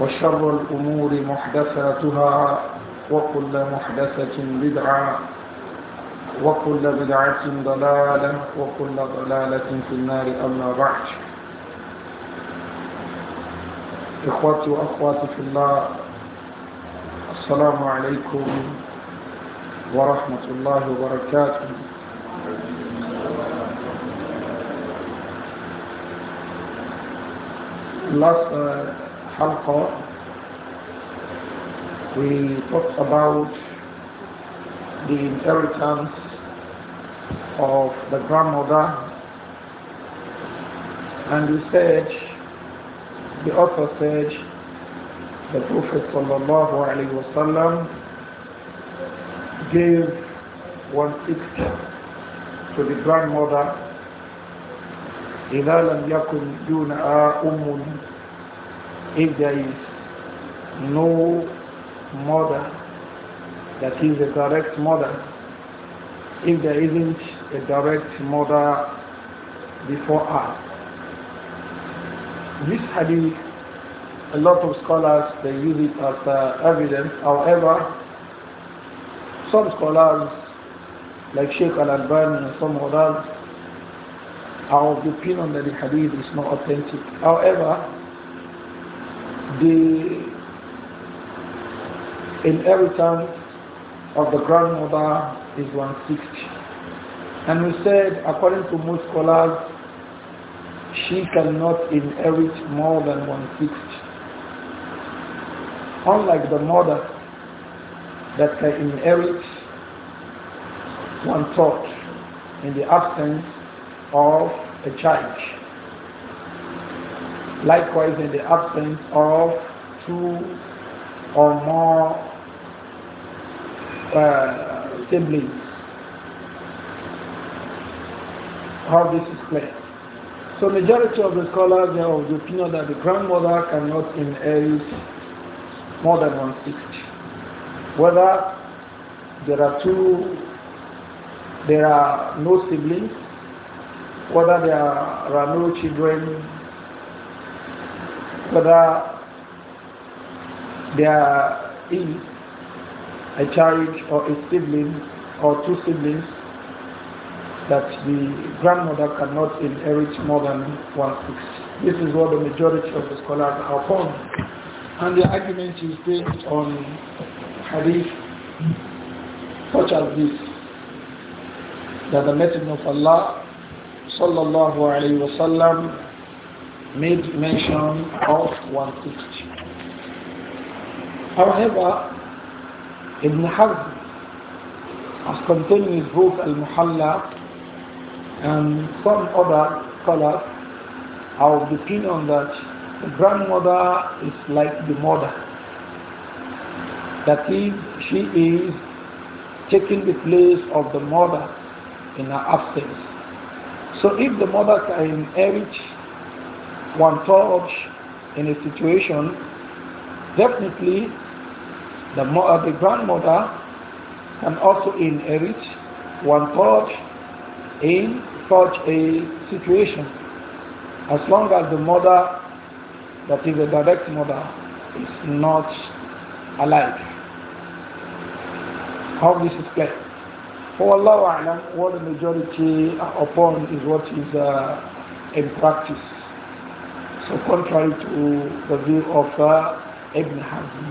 وشر الأمور محدثاتها وكل محدثة بدعة وكل بدعة ضلالة وكل ضلالة في النار أما بعد إخواتي وأخواتي في الله السلام عليكم ورحمة الله وبركاته Last uh, halqa, we talked about the inheritance of the grandmother and we said, the author said, the Prophet sallallahu alaihi wasallam gave one sixth to the grandmother إذا لم يكن دونها أم if there is no mother that is a direct mother, if there isn't a direct mother before her. This hadith, a lot of scholars, they use it as uh, evidence. However, some scholars, like Sheikh Al-Albani and some others, are of the opinion that the hadith is not authentic. However, the inheritance of the grandmother is 160. And we said, according to most scholars, she cannot inherit more than 160. Unlike the mother that can inherit one third in the absence of a child. Likewise, in the absence of two or more uh, siblings. How this is clear. So majority of the scholars are of the opinion that the grandmother cannot inherit more than one sixth. Whether there are two, there are no siblings, whether there are no children whether there is a child or a sibling or two siblings that the grandmother cannot inherit more than one sixth. This is what the majority of the scholars are upon. And the argument is based on hadith such as this, that the Messenger of Allah sallallahu alayhi wa sallam made mention of 160. However, Ibn Hazm has contained in his book Al-Muhalla and some other scholars are of the opinion that the grandmother is like the mother. That is, she is taking the place of the mother in her absence. So if the mother can inherit one touch in a situation, definitely the, uh, the grandmother can also inherit one touch in such a situation. As long as the mother that is a direct mother is not alive. How this is played. For Allah, what the majority are upon is what is uh, in practice. So contrary to the view of uh, Ibn Hazm.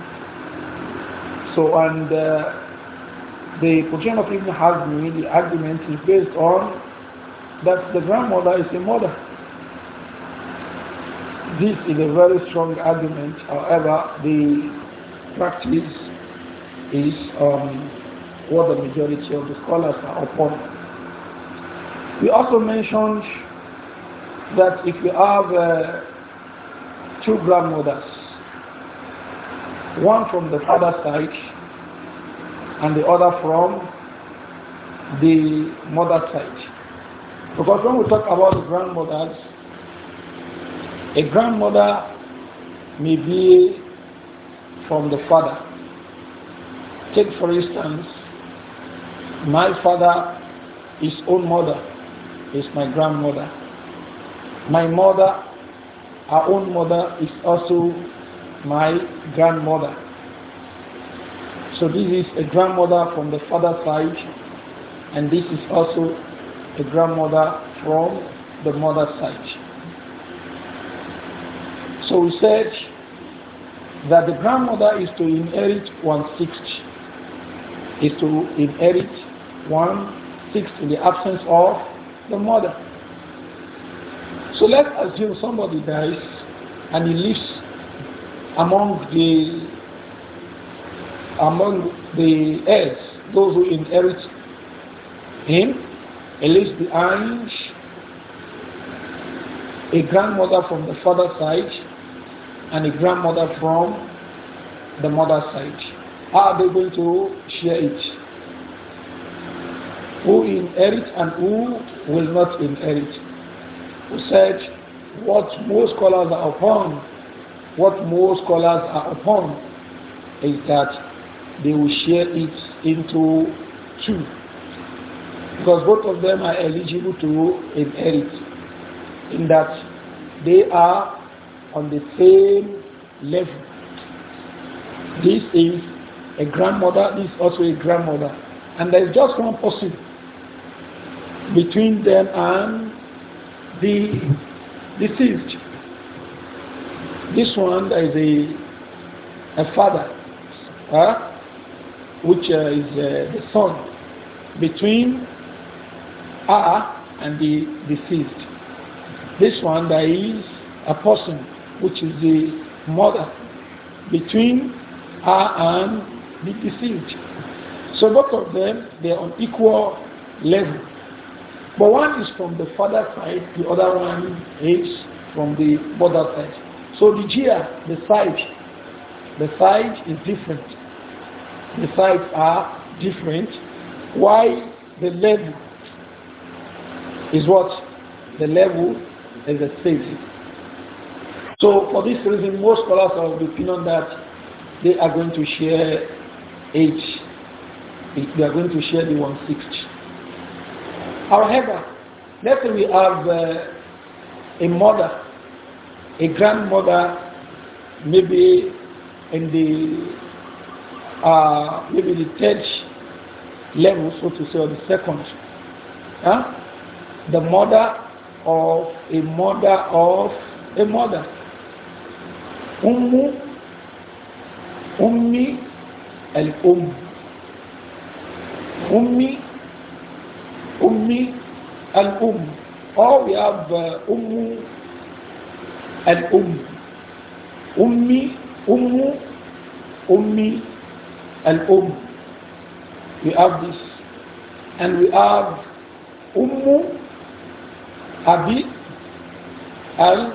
So and uh, the position of Ibn Hazm, the argument is based on that the grandmother is a mother. This is a very strong argument. However, the practice is um, what the majority of the scholars are upon. We also mentioned that if you have uh, two grandmothers, one from the father's side and the other from the mother's side. Because when we talk about the grandmothers, a grandmother may be from the father. Take for instance, my father, his own mother, is my grandmother. My mother her own mother is also my grandmother. So this is a grandmother from the father side, and this is also a grandmother from the mother side. So we said that the grandmother is to inherit one sixth, is to inherit one sixth in the absence of the mother. So let's assume somebody dies and he lives among the among the heirs, those who inherit him, he leaves behind a grandmother from the father side and a grandmother from the mother side. How are they going to share it? Who inherits and who will not inherit? who said what most scholars are upon, what most scholars are upon is that they will share it into two. Because both of them are eligible to inherit in that they are on the same level. This is a grandmother, this is also a grandmother. And there is just one person between them and the deceased. This one is a, a father, huh? which uh, is uh, the son between her and the deceased. This one there is a person, which is the mother, between her and the deceased. So both of them, they are on equal level. But one is from the father side, the other one is from the mother side. So the jia, the side, the side is different. The sides are different. Why the level is what? The level is the same. So for this reason, most scholars are of the opinion that they are going to share each. They are going to share the one sixty. However, let's say we have uh, a mother, a grandmother, maybe in the uh, maybe the third level, so to say, or the second. Huh? The mother of a mother of a mother. Ummu, ummi, al-um. Ummi أمي الأم أو آه، يا أب أم الأم أمي أم أمي الأم we have this and we have أم أبي ال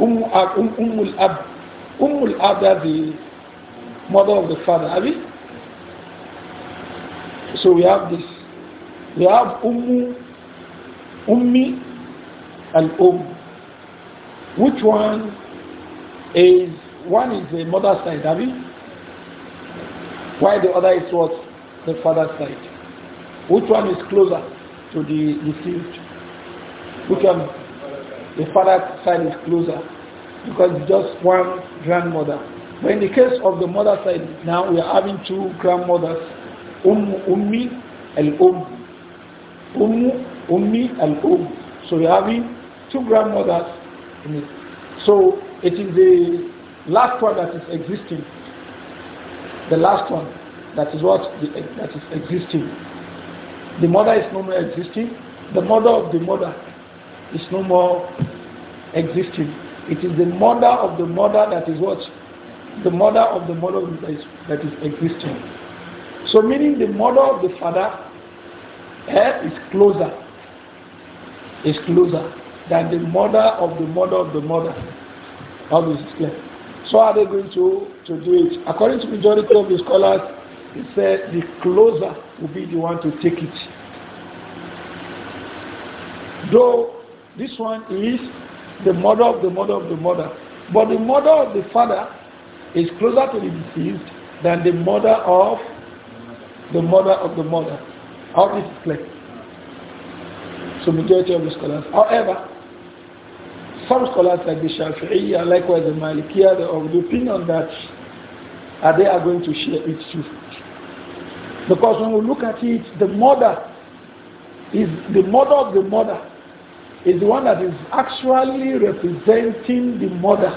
أم أب أم أم الأب أم الأب the mother of the father أبي so we have this We have Ummu, Ummi and um. Which one is, one is the mother side, have you? Why the other is what? The father side. Which one is closer to the received Which one? The father side is closer because just one grandmother. But in the case of the mother side, now we are having two grandmothers, Umm Ummi and ummi Ummu, Ummi, and Um. So we are having two grandmothers in it. So it is the last one that is existing. The last one that is what the, that is existing. The mother is no more existing. The mother of the mother is no more existing. It is the mother of the mother that is what? The mother of the mother that is, that is existing. So meaning the mother of the father eh, is closer, is closer than the mother of the mother of the mother of slave. So are they going to, to do it? According to majority of the scholars, he said the closer will be the one to take it. Though this one is the mother of the mother of the mother, but the mother of the father is closer to the deceased than the mother of the mother of the mother. All this is clear. So majority of the scholars. However, some scholars like the Shafi'i likewise the Malikiya of the opinion that uh, they are going to share it too. Because when we look at it, the mother is the mother of the mother is the one that is actually representing the mother,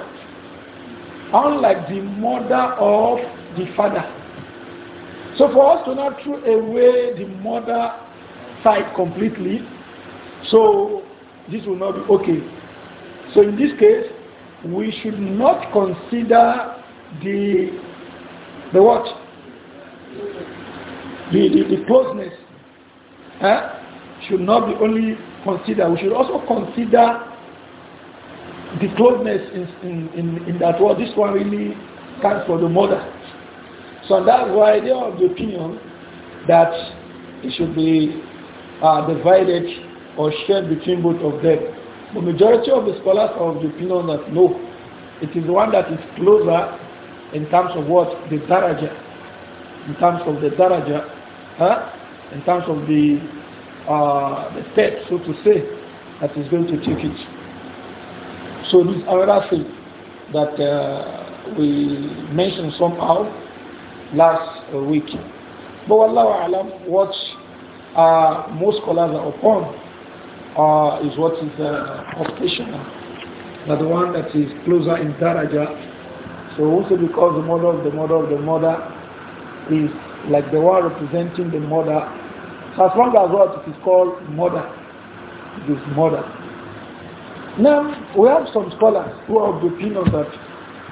unlike the mother of the father. So for us to not throw away the mother side completely, so this will not be okay. So in this case, we should not consider the the what? The, the, the closeness eh? should not be only considered. We should also consider the closeness in, in, in, in that word. This one really stands for the mother. So that's why they are of the opinion that it should be uh, divided or shared between both of them. The majority of the scholars are of the opinion that no, it is one that is closer in terms of what? The daraja. In terms of the daraja. Huh? In terms of the, uh, the step, so to say, that is going to take it. So this another thing that uh, we mentioned somehow last uh, week. But Allah Alam, what uh, most scholars are upon uh, is what is uh, occasional. the one that is closer in Daraja. So also because the mother of the mother of the mother is like the one representing the mother. So as long as what it is called mother, it is mother. Now we have some scholars who are of the opinion that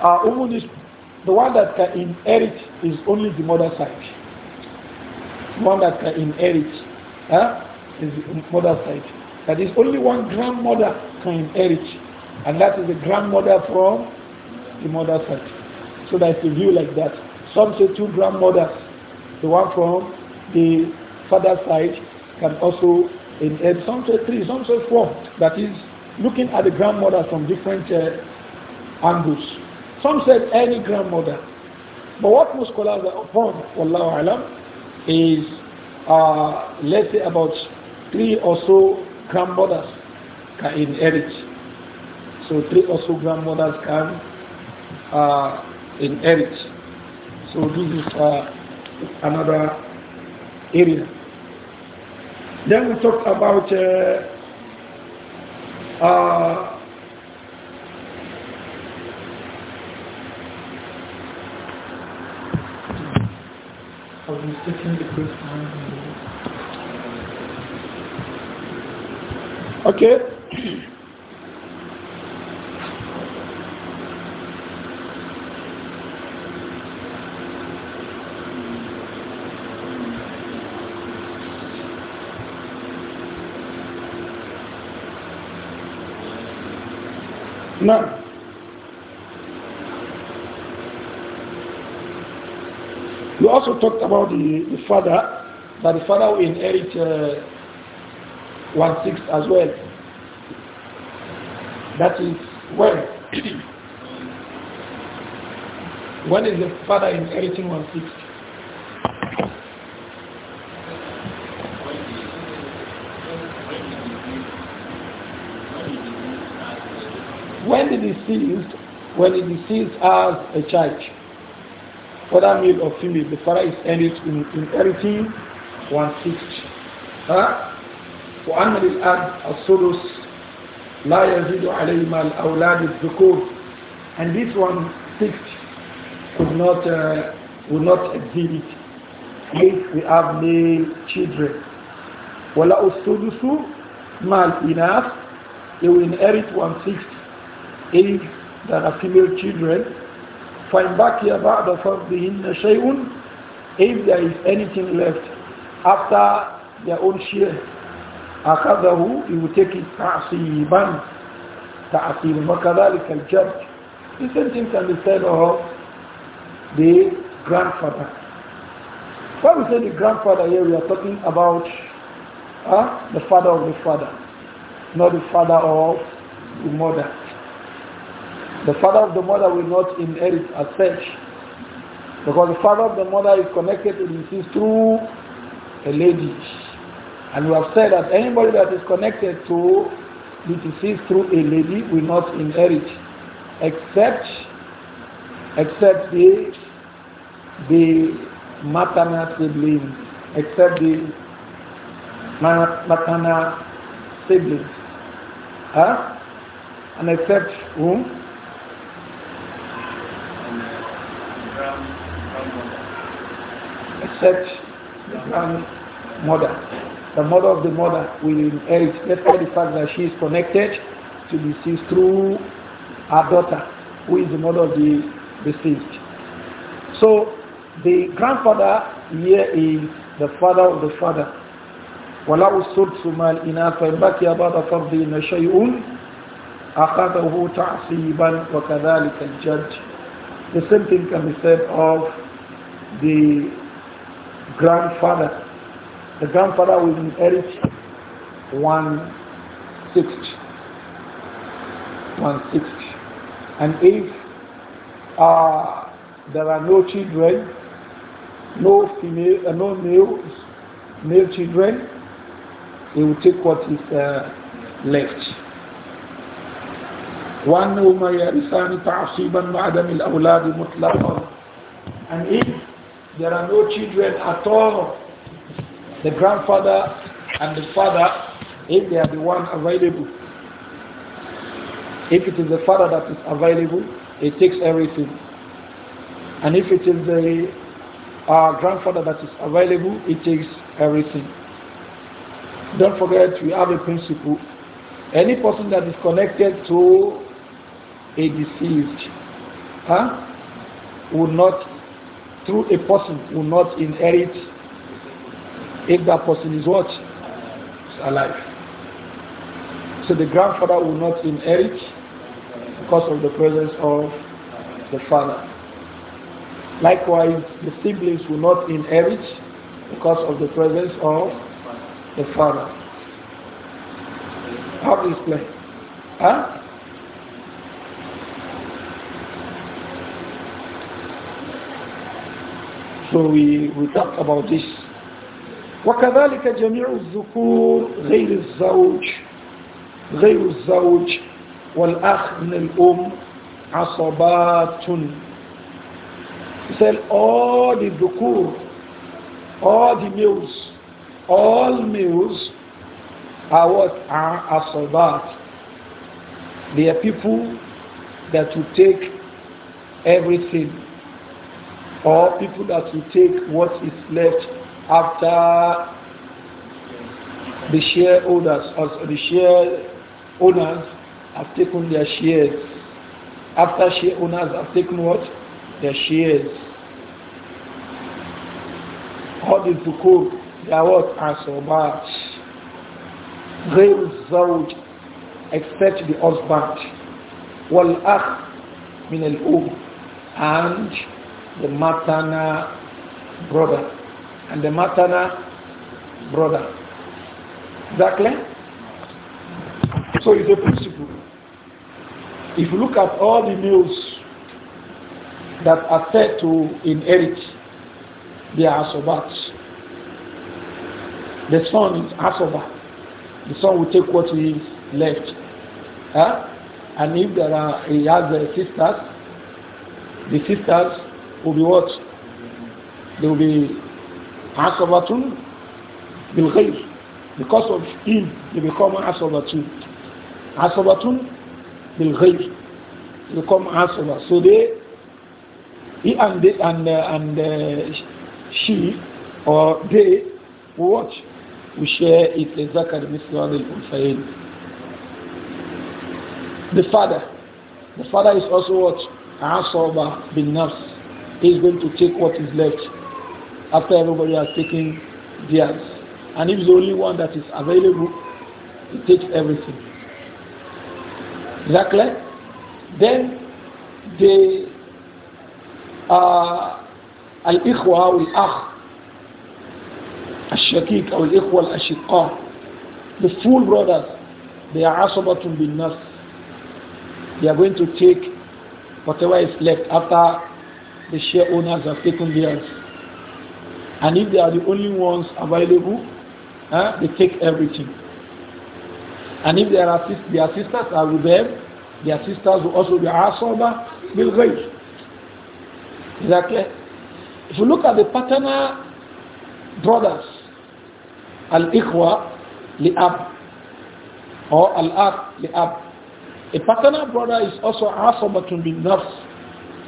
uh, the one that can inherit is only the mother side. One that can inherit huh, is the mother side. That is only one grandmother can inherit, and that is the grandmother from the mother side. So that's the view like that. Some say two grandmothers, the one from the father side can also inherit. Some say three, some say four. That is looking at the grandmother from different uh, angles. Some said any grandmother. But what most scholars are upon, Wallahu Alam, is uh, let's say about three or so grandmothers can inherit. So three or so grandmothers can uh, inherit. So this is uh, another area. Then we talked about uh, uh Are we in the quick time? Okay. Now, We also talked about the, the father, that the father will inherit uh, one sixth as well. That is when. when is the father inheriting one sixth? when the deceased, when the deceased has a child, whether male or female, the father is inheriting one sixth. For ها وأن للأب الثلث لا يزيد عليه مال أولاد الذكور and this one sixth could not uh, will not exceed it if we have male children wala الثلث mal enough they will inherit one sixth if there are female children فَإِنْ بَقِيَ بَعْدَ فَرْضِهِنَّ شَيْءٌ If there is anything left after their own share, أَخَذَهُ He will take it تَعْصِيبًا تَعْصِيبًا وَكَذَلِكَ الْجَدْ The same thing can be said of the grandfather. When we say the grandfather here, we are talking about uh, the father of the father, not the father of the mother. The father of the mother will not inherit as such. Because the father of the mother is connected to the deceased through a lady. And we have said that anybody that is connected to the deceased through a lady will not inherit except except the the maternal sibling, except the maternal siblings. Huh? And except whom? except the um, grandmother. The mother of the mother will inherit, despite the fact that she is connected to the deceased through her daughter, who is the mother of the deceased. So the grandfather here is the father of the father. ولو السدس ما الإناث بكي بعد فرض شيء أخذه تعصيبا وكذلك الجد The same thing can be said of the grandfather. The grandfather will inherit one sixth. One sixth. And if uh, there are no children, no female, uh, no males, male children, he will take what is uh, left. وأنهما يرثان تعصيبا وعدم الأولاد مطلقا. And if there are no children at all. The grandfather and the father, if they are the one available. If it is the father that is available, it takes everything. And if it is the uh, grandfather that is available, it takes everything. Don't forget, we have a principle. Any person that is connected to a deceased huh, would not through a person will not inherit if that person is what? alive. So the grandfather will not inherit because of the presence of the father. Likewise, the siblings will not inherit because of the presence of the father. How do you explain? Huh? So we, we talk about this. وكذلك جميع الذكور غير الزوج غير الزوج والأخ من الأم عصبات He said all the dhukur, all the males, all males are what are asabat. They are people that will take everything or people that will take what is left after the shareholders or the share owners have taken their shares. After share owners have taken what? Their shares. All the Zukur, they are what? much? Ghayr Zawj, except the husband. Wal Akh min and the maternal brother and the maternal brother. Exactly. So it's a principle. If you look at all the males that are said to inherit, they are asobats. The son is asobat. The son will take what is left. Huh? And if there are, he has the sisters, the sisters will be what? They will be عصبة بالغير because of him they become عصبة عصبة بالغير they become عصبة so they he and they, and uh, and uh, she or they will watch we share it لذكر مثل هذا الأنثيين the father the father is also what عصبة بالنفس he's going to take what is left after everybody has taken theirs. And if the only one that is available, he takes everything. Exactly. Then the al-akh, الأخ al ikhwa al الأشقاء the full brothers they are be بالنفس they are going to take whatever is left after the share owners have taken theirs. And if they are the only ones available, they take everything. And if their, assist, their sisters are with them, their sisters will also be asked over. ghayr. Is that clear? If you look at the paternal brothers, al-ikhwa li'ab or al-akh li'ab, a paternal brother is also to be nursed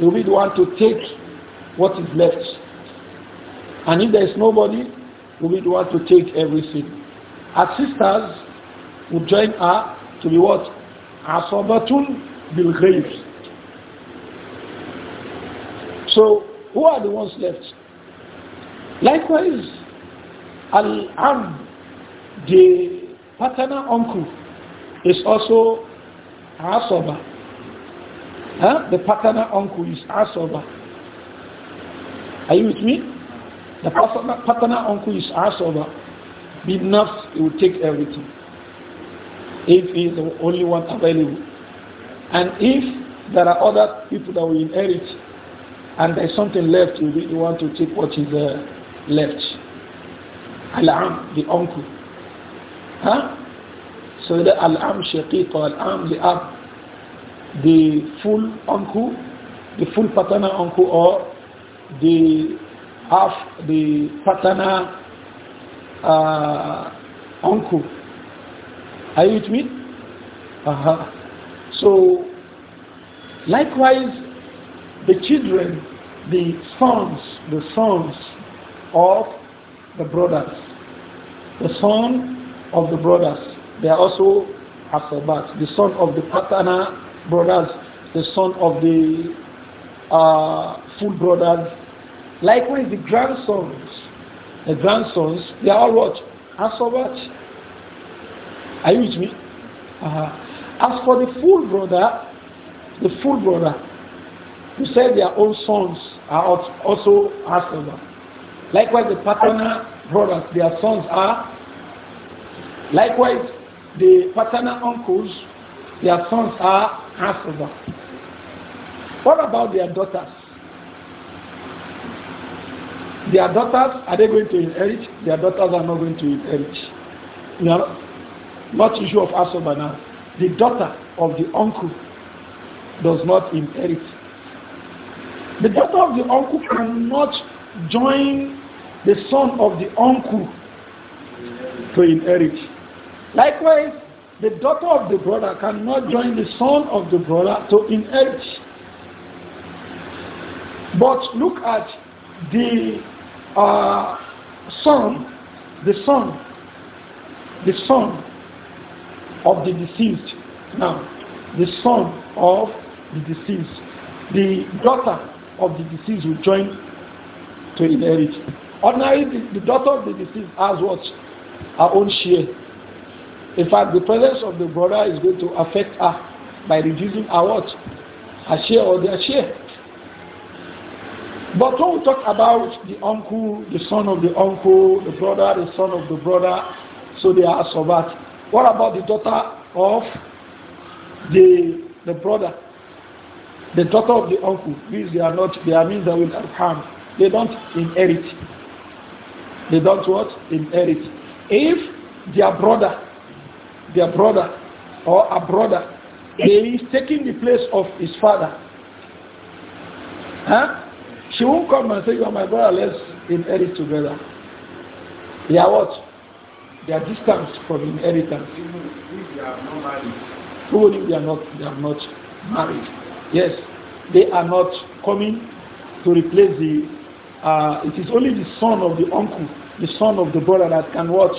will be the one to take what is left. And if there is nobody, will be the one to take everything. Our sisters will join her to be what? will bil So, who are the ones left? Likewise, Al-Am, the paternal uncle, is also Asaba. Huh? The paternal uncle is Asoba. Are you with me? The paternal, uncle is Asoba. over. Enough, he will take everything. If he is the only one available. And if there are other people that will inherit and there's something left, you really want to take what is uh, left. Al-Am, the uncle. Huh? So the Al-Am Shaqiqa, Al-Am, the Ab the full uncle, the full paternal uncle, or the half the paternal uh, uncle. Are you with me? Uh -huh. So, likewise, the children, the sons, the sons of the brothers, the son of the brothers, they are also asabat, the son of the paternal brothers, the son of the uh, full brothers. Likewise, the grandsons, the grandsons, they are all what? As for what? Are you with me? Uh -huh. As for the full brother, the full brother, who said their own sons are also as for what? Likewise, the paternal brothers, their sons are. Likewise, the paternal uncles, their sons are Hafizah. What about their daughters? Their daughters, are they going to inherit? Their daughters are not going to inherit. You know, not issue of Asoba now. The daughter of the uncle does not inherit. The daughter of the uncle cannot join the son of the uncle to inherit. Likewise, the daughter of the brother cannot join the son of the brother to inherit. But look at the uh, son, the son, the son of the deceased. Now, the son of the deceased, the daughter of the deceased will join to inherit. Ordinarily, the, the daughter of the deceased has what? Her own share. In fact, the presence of the brother is going to affect her by reducing her what? Her share or their share. But when we talk about the uncle, the son of the uncle, the brother, the son of the brother, so they are Sobat. What about the daughter of the, the brother? The daughter of the uncle, means they are not, they are means that will harm. They don't inherit. They don't what? Inherit. If their brother their brother or a brother. He is taking the place of his father. Huh? She won't come and say, you are my brother, let's inherit together. They are what? They are distanced from inheritance. Even if they are not married. Even if they are not, married. Yes, they are not coming to replace the, uh, it is only the son of the uncle, the son of the brother that can watch,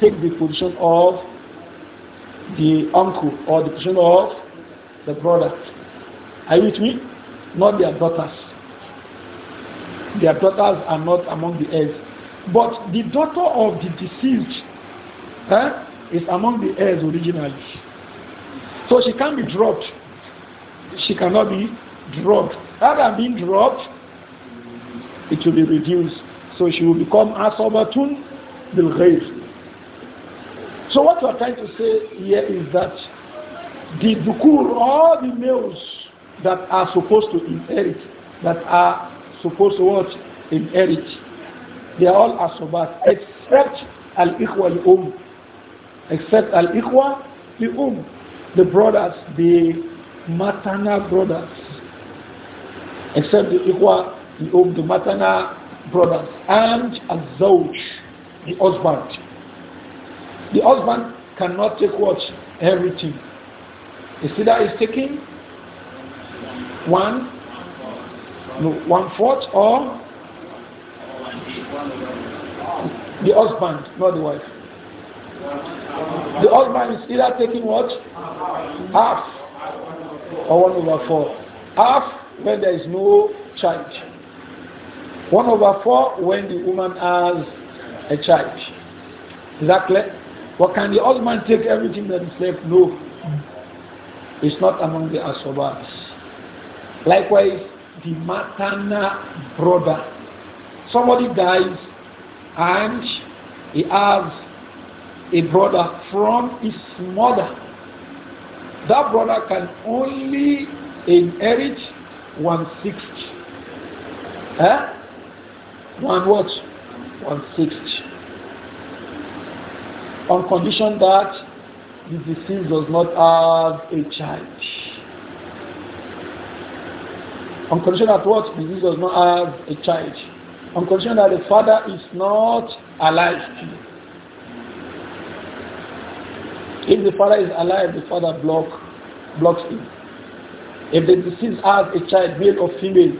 take the position of the uncle or the position of the brother. Are you with me? Not their daughters. Their daughters are not among the heirs. But the daughter of the deceased eh, is among the heirs originally. So she can be dropped. She cannot be dropped. Rather than being dropped, it will be reduced. So she will become asobatun bil ghayr so what we are trying to say here is that the dukur, all the males that are supposed to inherit, that are supposed to what? Inherit. They are all asobat, except al-ikhwa li-um. Except al-ikhwa li-um. The brothers, the maternal brothers. Except the ikhwa li-um, the maternal brothers. And Al zawj, the husband. The husband cannot take what? Everything. It's either he's taking one, no, one fourth or the husband, not the wife. The husband is either taking what? Half or one over four. Half when there is no child. One over four when the woman has a child. Is that clear? What can the old man take everything that is left? No. It's not among the asobas. Likewise, the matana brother. Somebody dies and he has a brother from his mother. That brother can only inherit one sixth. Eh? One what? One sixth on condition that the deceased does not have a child. On condition that what? The deceased does not have a child. On condition that the father is not alive. If the father is alive, the father block, blocks him. If the deceased has a child, male or female,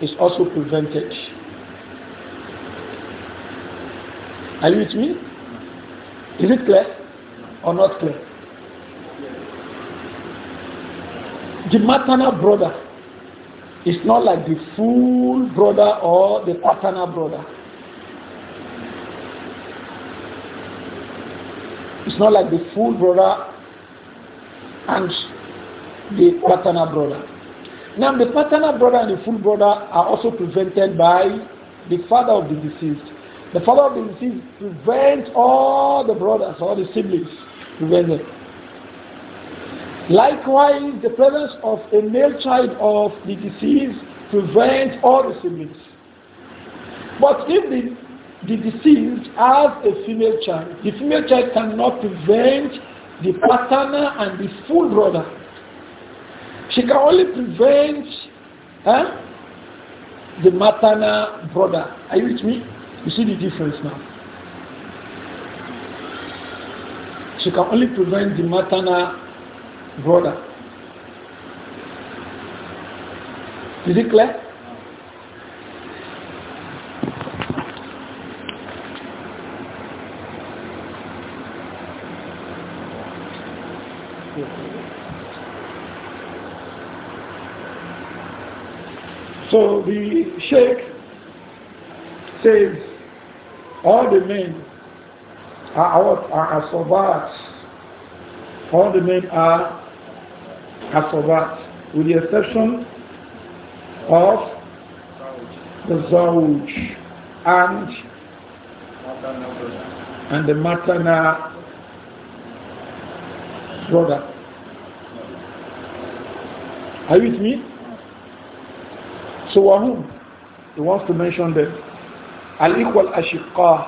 is also prevented. Are you with me? Is it clear or not clear? The maternal brother is not like the full brother or the paternal brother. It's not like the full brother and the paternal brother. Now the paternal brother and the full brother are also prevented by the father of the deceased. The father of the deceased prevents all the brothers, all the siblings, prevent them. Likewise, the presence of a male child of the deceased prevents all the siblings. But if the, the deceased has a female child, the female child cannot prevent the paternal and the full brother. She can only prevent the maternal brother. Are you with me? You see the difference now. She can only prevent the maternal brother. Is it clear? So the Sheikh says all the men are out, are asobats. All the men are asobats, with the exception of the zawj and and the matana brother. Are you with me? So Wahum, he wants to mention them. الإخوة الأشقاء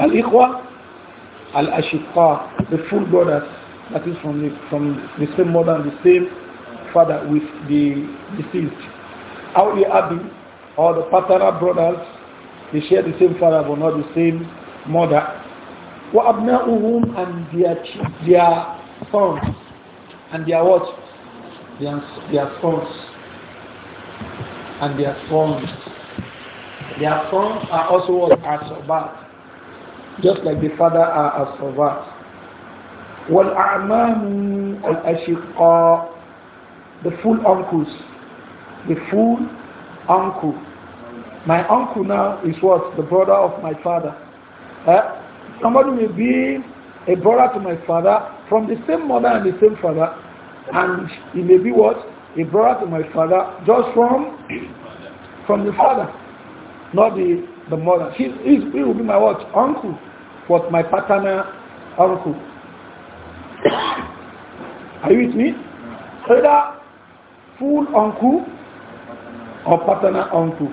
الإخوة الأشقاء the full brothers that is from the, from the same mother and the same father with the deceased the الأبي or the paternal brothers they share the same father but not the same mother وأبناؤهم and their, their sons and their what? Their, their sons and their sons their sons are also what are just like the father are as Sabat. والأعمام الأشقاء the full uncles the full uncle my uncle now is what the brother of my father eh? somebody may be a brother to my father from the same mother and the same father and he may be what a brother to my father just from from the father not the, the mother. He, he, he will be my what? Uncle. What? My paternal uncle. Are you with me? Either full uncle or paternal uncle.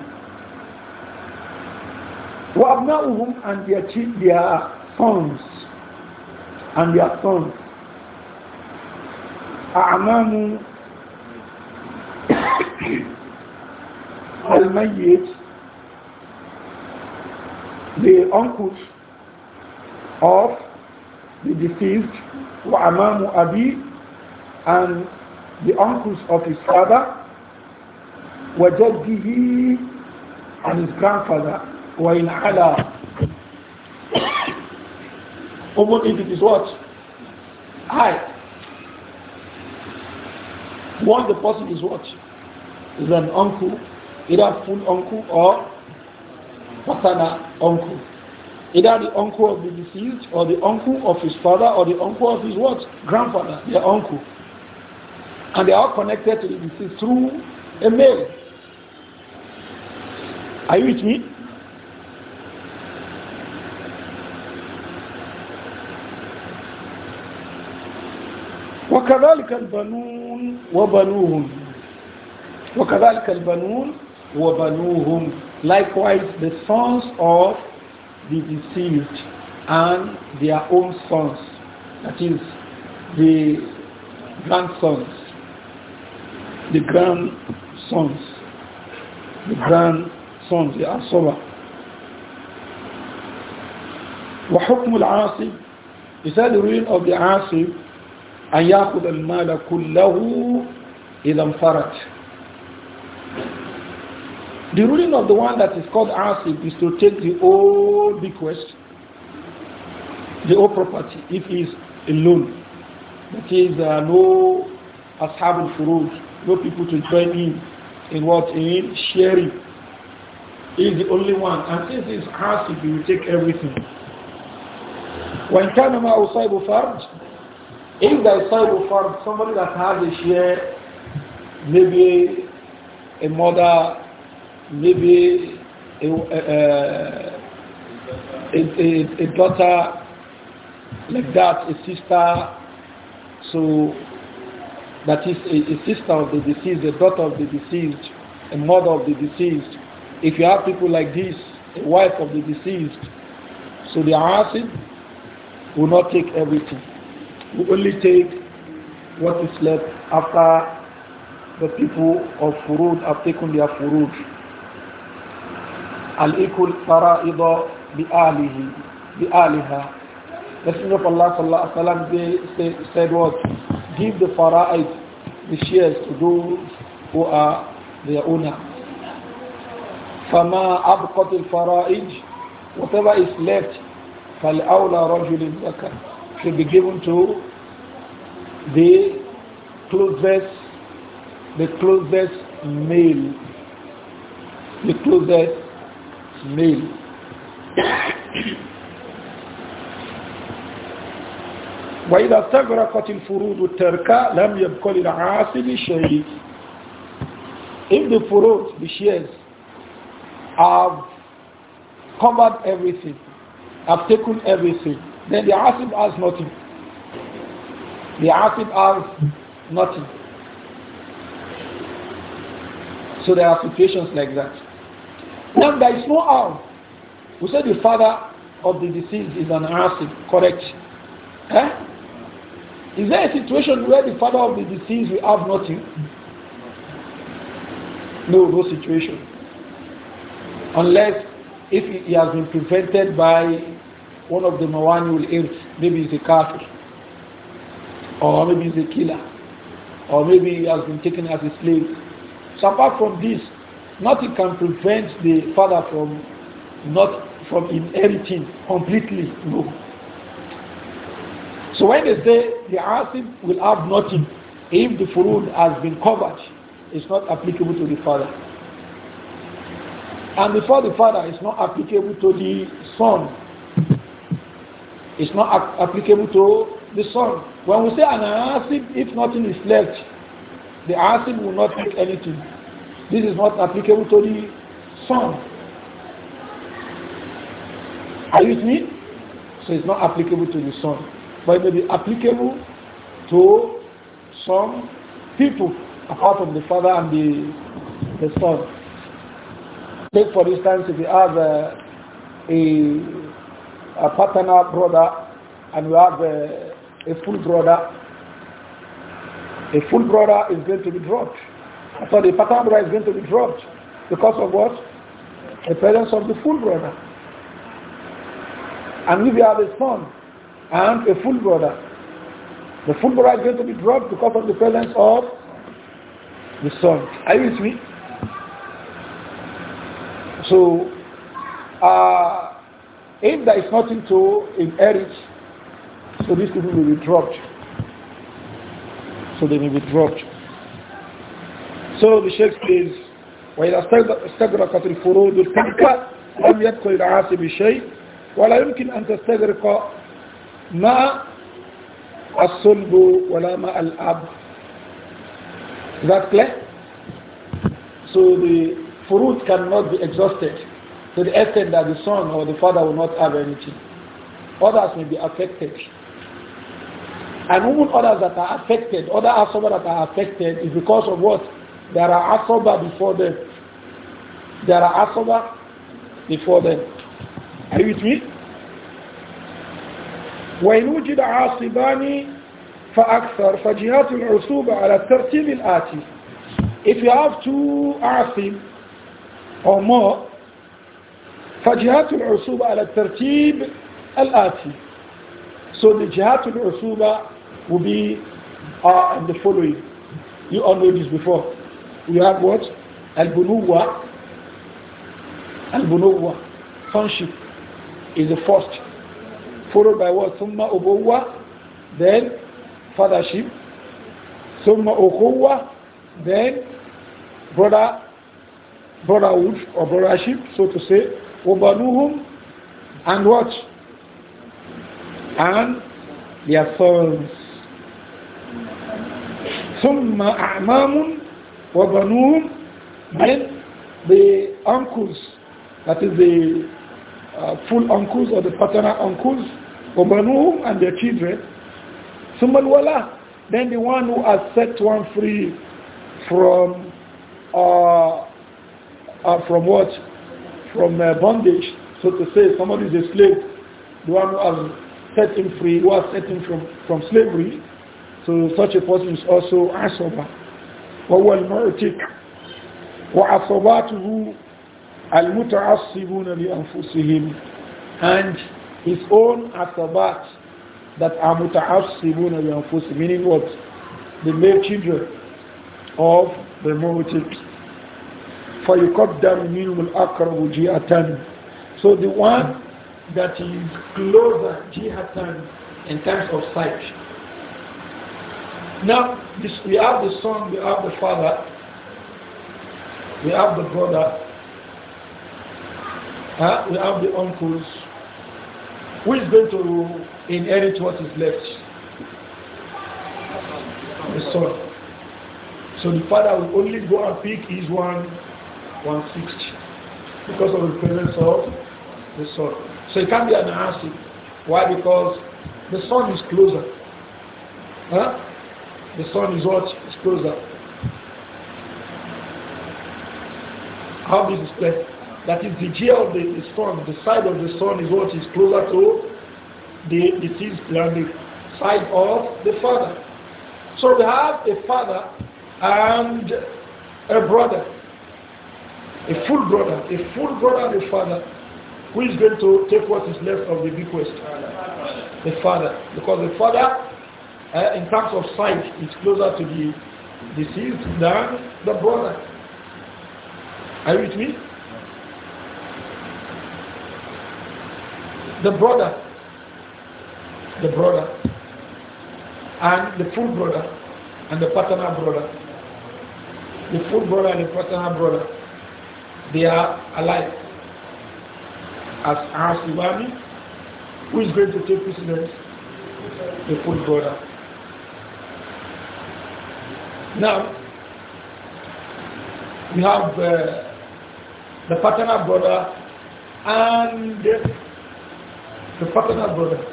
وَأَبْنَاؤُهُمْ and their, their sons and their sons أَعْمَامُ الميت the uncles of the deceased wa amamu abi, and the uncles of his father wa jaddihi, and his grandfather wa in ala. even if it is what? I. What the person is what? Is an uncle, either full uncle or paternal uncle. Either the uncle of the deceased, or the uncle of his father, or the uncle of his what? Grandfather, their uncle. And they are all connected to the deceased through a male. Are you with me? وكذلك البنون وبنوهم وكذلك البنون وبنوهم Likewise, the sons of the deceived and their own sons, that is, the grandsons, the grandsons, the grandsons, the asoba. وحكم العاصب He said the rule of the عاصب أن يأخذ المال كله إذا انفرد the ruling of the one that is called Asif is to take the whole bequest, the whole property, if he is alone, That is, uh, no ashab al-furuj, no people to join in, in what? In sharing. He is the only one. And since he is Asif, he will take everything. When كان ما farj, if there is soil farj, somebody that has a share, maybe a mother maybe a, a, a, a, daughter like that, a sister, so that is a, sister of the deceased, a daughter of the deceased, a mother of the deceased. If you have people like this, a wife of the deceased, so the arson will not take everything. Will only take what is left after the people of Furud have taken their Furud al-iku al-fara'ida bi-alihi, bi-aliha. Messenger of Allah said what? Give the fara'id, the shares to those who are their owner. فَمَا أَبْقَتِ الْفَرَائِج Whatever is left, فَالْأَوْلَى رَجُلٍ زَكَى Should be given to the closest, the closest male, the closest male. وإذا استغرقت الفروض التركة لم يبقى للعاصب شيء. If the furud, the shares, have covered everything, have taken everything, then the asib has nothing. The asib has nothing. So there are situations like that. Now there is no harm. We say the father of the deceased is an asib, correct? Eh? Is there a situation where the father of the deceased will have nothing? No, no situation. Unless if he has been prevented by one of the Mawanul Irth, maybe he's a kafir, or maybe he's a killer, or maybe he has been taken as a slave. So apart from this, nothing can prevent the father from not from inheriting completely. No. So when they say the asim will have nothing if the furud has been covered, it's not applicable to the father. And before the father, it's not applicable to the son. It's not applicable to the son. When we say an asim, if nothing is left, the asim will not take anything. This is not applicable to the son. Are you with me? So it's not applicable to the son, But it may be applicable to some people apart from the father and the, the son. Take for instance if you have uh, a, a, a paternal brother and you have a, uh, a full brother, a full brother is going to be dropped so the paternal brother is going to be dropped because of what? The presence of the full brother. And if you have a son and a full brother, the full brother is going to be dropped because of the presence of the son. Are you with me? So, uh, if there is nothing to inherit, so this people will be dropped. So they may be dropped. So the Sheikh says, وإذا استغرقت الفروض التلك لم يدخل العاصي بشيء ولا يمكن أن تستغرق مع الصلب ولا مع الأب. Is that clear? So the fruit cannot be exhausted to the extent that the son or the father will not have anything. Others may be affected. And even others that are affected, other asaba that are affected is because of what? There are Asaba before them. There are Asaba before them. Are you with me? وإن وجد عاصبان فأكثر فجهات العصوبة على الترتيب الآتي If you have two عاصب or more فجهات العصوبة على الترتيب الآتي So the جهات العصوبة will be uh, in the following. You all know this before you have what? Al-Bunuwa. Al-Bunuwa. Sonship is the first. Followed by what? Summa Ubuwa. Then fathership. Summa Ukhuwa. Then brother brotherhood or brothership, so to say. Ubanuhum. And what? And their sons. ثم أعمام وَبَنُوهُمْ then the uncles, that is the uh, full uncles or the paternal uncles, وَبَنُوهُمْ and their children. ثُمَّ Then the one who has set one free from uh, uh, from what? From uh, bondage, so to say, somebody is a slave, the one who has set him free, who has set him from, from slavery, so such a person is also Asoba. وهو المعتق وعصباته المتعصبون لأنفسهم and his own asabat that are muta'assibun al meaning what? the male children of the mu'tiq فَيُقَدَّمْ مِنْهُ الْأَقْرَبُ جِهَةً so the one that is closer jihatan in terms of sight now, this, we have the son, we have the father, we have the brother, we have the uncles. Who is going to inherit what is left? The son. So the father will only go and pick his one one sixty because of the presence of the son. So it can not be an answer. Why? Because the son is closer. Huh? the sun is what is closer. How this is placed? That is the gear of the, the sun, the side of the sun is what is closer to the, the things the side of the father. So we have a father and a brother, a full brother, a full brother and a father, who is going to take what is left of the bequest? The father. Because the father uh, in terms of sight is closer to the deceased than the brother. Are you with me? The brother, the brother, and the full brother, and the paternal brother. The full brother and the paternal brother, they are alike. As Arsilani, who is going to take precedence? The full brother. Now, we have uh, the paternal brother and the paternal brother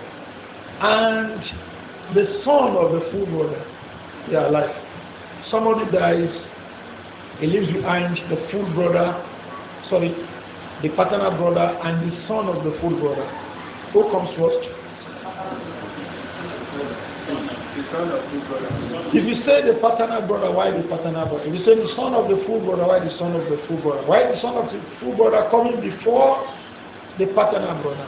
and the son of the full brother. They are Somebody dies, he leaves behind the full brother, sorry, the paternal brother and the son of the full brother. Who comes first? If you say the paternal brother, why the paternal brother? If you say the son of the full brother, why the son of the full brother? Why the son of the full brother coming before the paternal brother?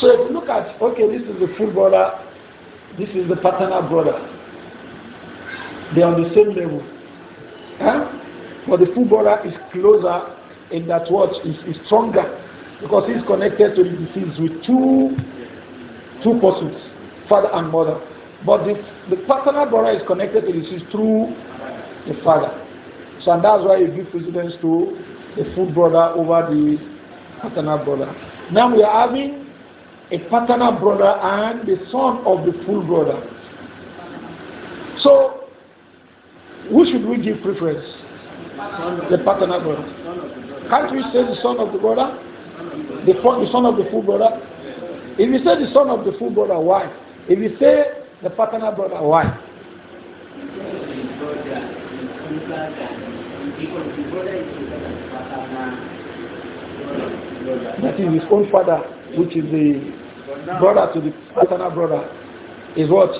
So if you look at, okay, this is the full brother, this is the paternal brother. They are on the same level. Huh? But the full brother is closer in that watch is, is stronger because he's connected to the disease with two two persons, father and mother. But the, the paternal brother is connected to the disease through the father. So and that's why you give precedence to the full brother over the paternal brother. Now we are having a paternal brother and the son of the full brother. So, who should we give preference? The paternal brother. Can't we say the son of the brother? The, the son of the full brother? If you say the son of the full brother, why? If you say the paternal brother, why? That is his own father, which is the brother to the paternal brother, is what?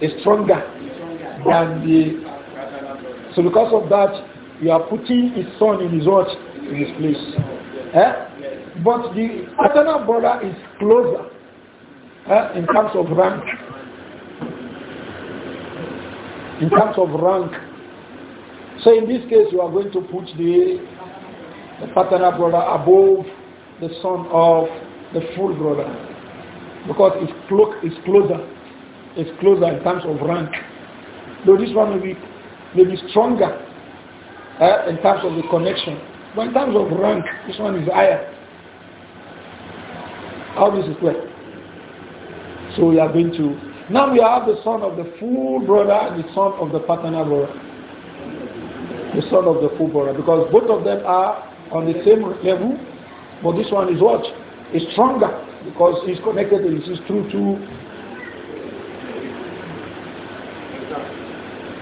Is stronger than the. So because of that, you are putting his son in his what? In his place. Eh? But the paternal brother is closer eh? in terms of rank. In terms of rank. So in this case, you are going to put the, the paternal brother above the son of the full brother. Because his cloak is closer. It's closer in terms of rank. Though this one may be, may be stronger uh, in terms of the connection. But in terms of rank, this one is higher. How does it work? So we are going to... Now we have the son of the full brother and the son of the paternal brother. The son of the full brother. Because both of them are on the same level, but this one is what? Is stronger because he's connected and he's true to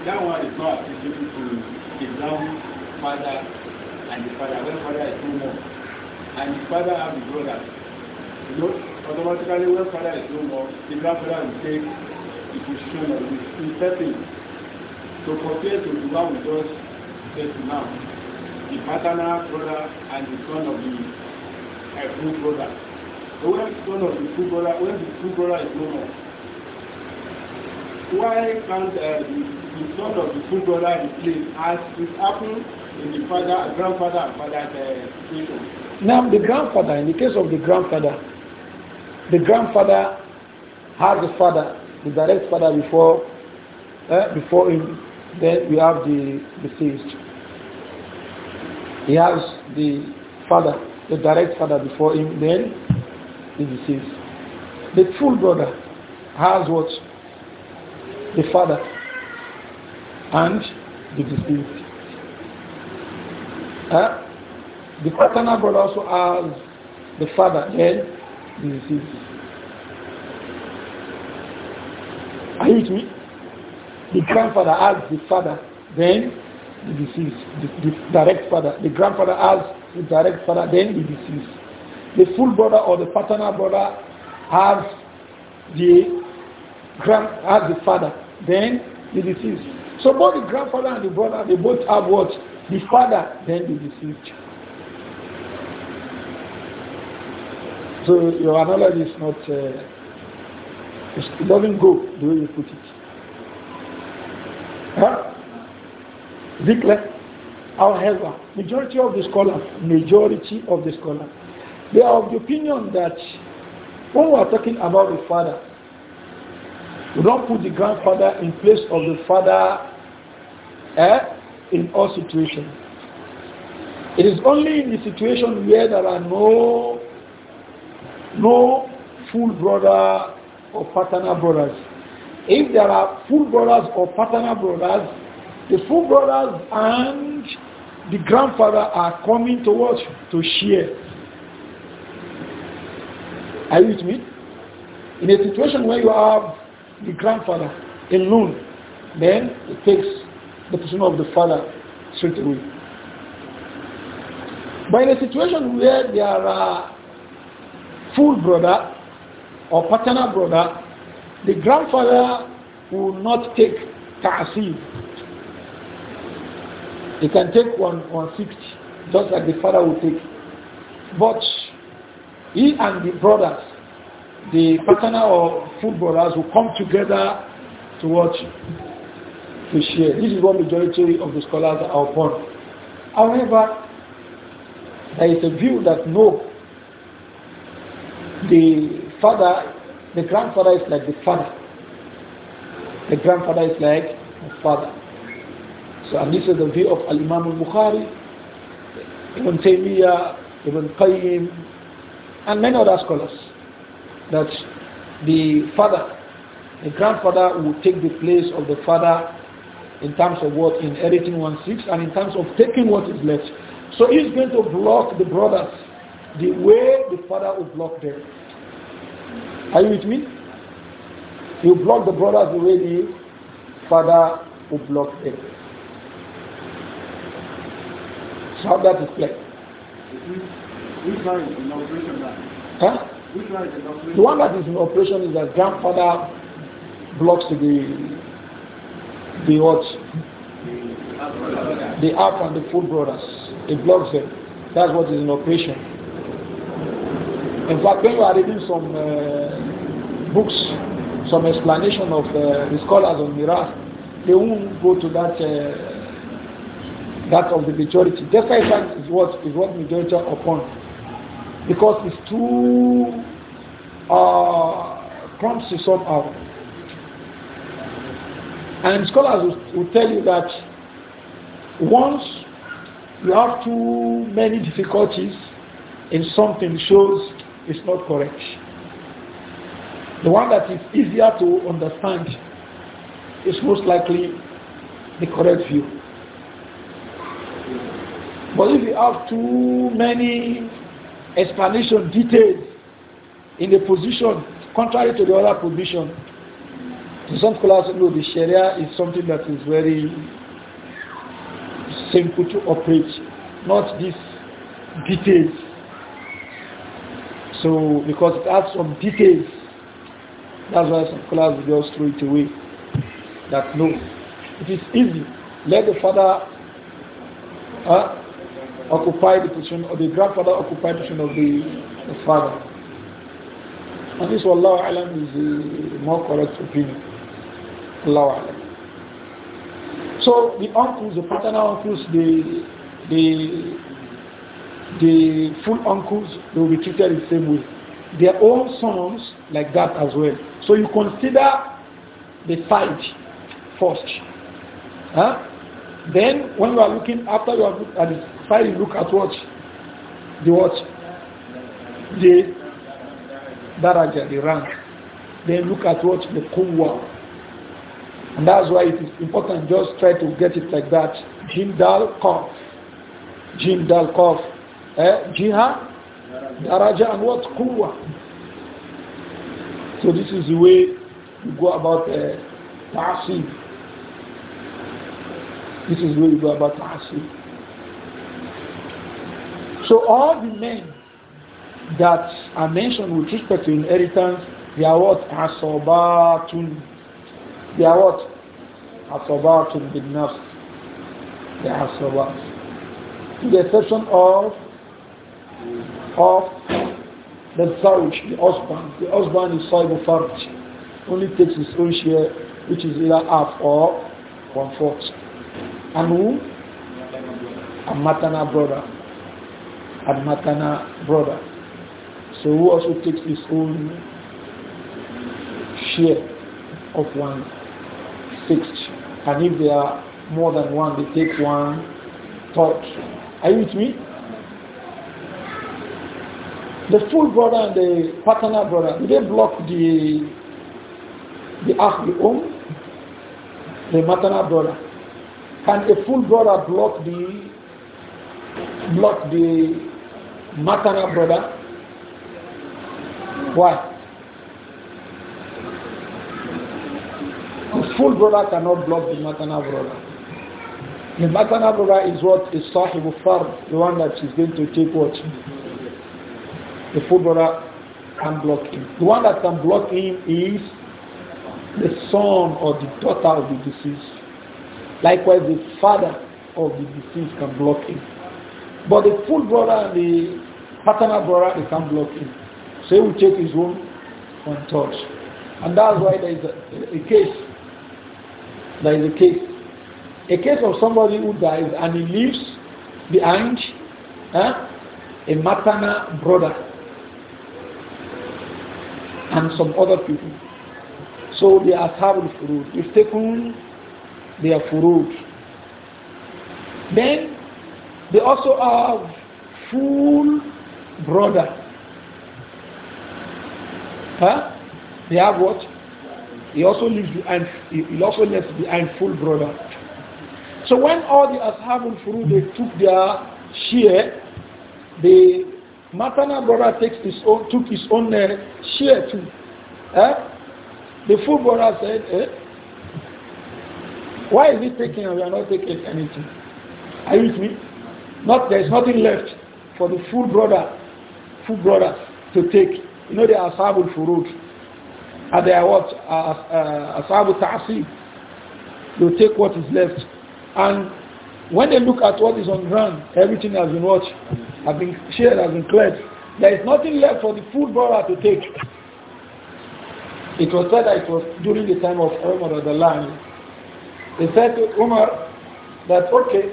that one is not to his father and the father when father is no more and the father has a brother you know automatically when father is no more the grandfather will take the position of the stepping so compared to the one we just said now the paternal brother and the son of the uh, full brother so when the son of the full brother when the full brother is no more why can't uh, the, the son of the full brother replace as it happened in the father, grandfather and father uh, Now the grandfather, in the case of the grandfather, the grandfather has the father, the direct father before uh, before him. Then we have the deceased. He has the father, the direct father before him. Then the deceased. The full brother has what the father and the deceased. Huh? The paternal brother also has the father and the deceased. Are you with me? The grandfather has the father, then the deceased, the, the direct father. The grandfather has the direct father, then the deceased. The full brother or the paternal brother has the grand has the father, then the deceased. So both the grandfather and the brother, they both have what? The father, then the deceased. So your analogy is not, uh, it doesn't go the way you put it. Huh? Zikler. However, majority of the scholars, majority of the scholars, they are of the opinion that when we are talking about the father, we don't put the grandfather in place of the father eh, in all situations. It is only in the situation where there are no, no full brother or paternal brothers. If there are full brothers or paternal brothers, the full brothers and the grandfather are coming towards to share. Are you with me? In a situation where you have the grandfather alone, then it takes the position of the father straight away. But in a situation where there are full brother or paternal brother, the grandfather will not take ta'asib. He can take one, one sixty, just like the father will take. But he and the brothers the partner of footballers will come together to watch, to share. This is what majority of the scholars are upon. However, there is a view that no, the father, the grandfather is like the father. The grandfather is like the father. So, and this is the view of Al-Imam al-Bukhari, Ibn Taymiyyah, Ibn Qayyim, and many other scholars that the father, the grandfather will take the place of the father in terms of what inheriting one seeks, and in terms of taking what is left. So he's going to block the brothers the way the father will block them. Are you with me? You block the brothers the way the father will block them. So how that is played. Huh? Which one is in operation? The one that is in operation is that grandfather blocks the the what? The app and the food brothers. It blocks it. That's what is in operation. In fact, when you are reading some uh, books, some explanation of uh, the scholars on Miraz, they won't go to that uh, that of the majority. Despite that is what is what majority upon because it's too uh, clumsy somehow. And scholars will, will, tell you that once you have too many difficulties in something shows it's not correct. The one that is easier to understand is most likely the correct view. But if you have too many explanation, details in the position contrary to the other position. To some scholars, know the Sharia is something that is very simple to operate, not these details. So, because it has some details, that's why some scholars just throw it away. That no, it is easy. Let the father uh, occupied the position, of the grandfather occupied the position of the, the father. And this, Allah Alam, is the more correct opinion. Allahu Alam. So the uncles, the paternal uncles, the, the, the full uncles, they will be treated the same way. Their own sons, like that as well. So you consider the fight first. Huh? Then, when you are looking after you have looked at the finally look at what? The what? The daraja, the rank. Then look at what? The kuwa. And that's why it is important just try to get it like that. Jim dal kof. Jim dal kof. Eh? Jiha, daraja, and what? Kuwa. So this is the way you go about uh, ta'asib. This is the way you go about ta'asib. So all the men that are mentioned with respect to inheritance, they are what? Asobatun. They are what? Asobatun bin nafs. They are asobat. To the exception of of the zawj, the husband. The husband is saibu Only takes his own share, which is either half or one fourth. And who? A maternal brother and matana brother. So who also takes his own share of one sixth. And if there are more than one, they take one third. Are you with me? The full brother and the paternal brother, they block the the akh, the um, the maternal brother. Can a full brother block the block the Matana brother? Why? The full brother cannot block the matana brother. The matana brother is what is Sahib Fard, the one that is going to take what? The full brother can block him. The one that can block him is the son or the daughter of the deceased. Likewise, the father of the deceased can block him. But the full brother and the paternal brother, they can't block him. So he will take his own on touch. And that's why there is a, a case. There is a case. A case of somebody who dies and he leaves behind eh, a maternal brother and some other people. So they are Ashabul Furud. You've taken their food. Then they also have full brother. Huh? They have what? He also leaves behind. He also left behind full brother. So when all the Ashabul Furu they took their share, the maternal brother takes his own, took his own uh, share too. Huh? The full brother said, eh? "Why is he taking and we are not taking anything? Are you with me?" Not, there is nothing left for the full brother, full brothers to take. You know they are Ashabul Furud. And they are what? Uh, uh, Ashabul Ta'asib. they take what is left. And when they look at what is on ground, everything has been watched, has been shared, has been cleared. There is nothing left for the full brother to take. It was said that it was during the time of Umar the land They said to Umar that, okay,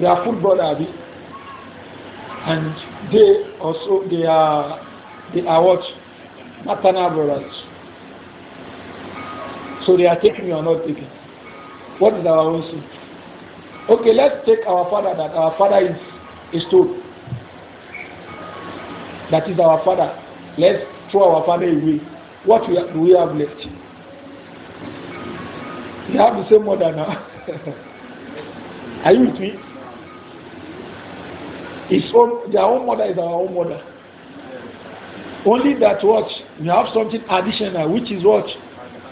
they are footballers, and they also they are they are what maternal brothers. So they are taking you or not taking. What is our own sin? Okay, let's take our father that our father is is told. That is our father. Let's throw our father away. What we have, do we have left? We have the same mother now. are you with me? His own, their own mother is our own mother. Only that what we have something additional, which is what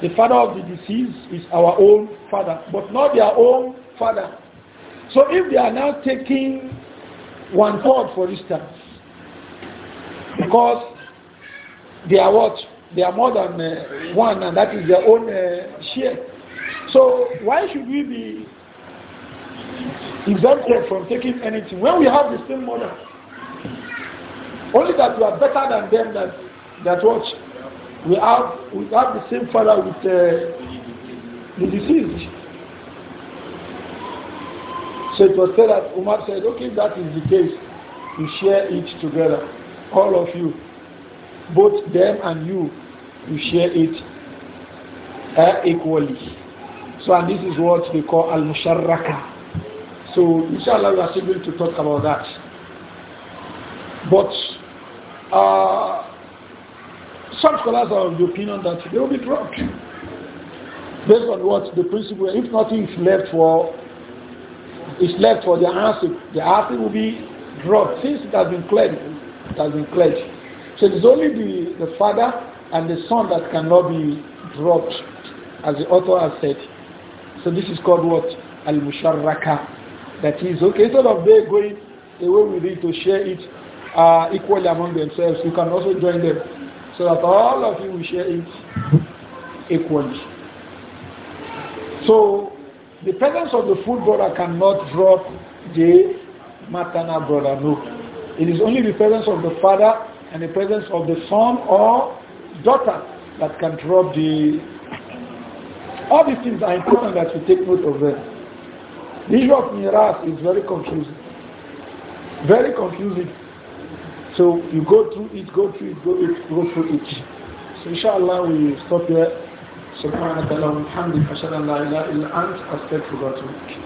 the father of the deceased is our own father, but not their own father. So if they are now taking one third, for instance, because they are what they are more than uh, one, and that is their own uh, share. So why should we be exempted from taking anything when we have the same mother. Only that we are better than them that, that what we have, we have the same father with uh, the deceased. So it was said that Umar said, okay, that is the case. You share it together. All of you. Both them and you, you share it uh, equally. So and this is what they call al-musharraka. So inshallah we are still going to talk about that. But uh, some scholars are of the opinion that they will be dropped based on what the principle, if nothing is left for is left for the answer, the answer will be dropped since it has been cleared. It has been cleared. So it is only the, the father and the son that cannot be dropped, as the author has said. So this is called what? Al-Musharraka. That is okay. Instead of they going away with it to share it uh, equally among themselves, you can also join them so that all of you will share it equally. So the presence of the full brother cannot drop the maternal brother. No. It is only the presence of the father and the presence of the son or daughter that can drop the... All these things are important that we take note of them. The issue of miras is very confusing. Very confusing. So you go through it, go through it, go, it, go through it. So inshallah we stop here. سبحانك اللهم وبحمدك اشهد ان لا اله الا انت استغفرك واتوب اليك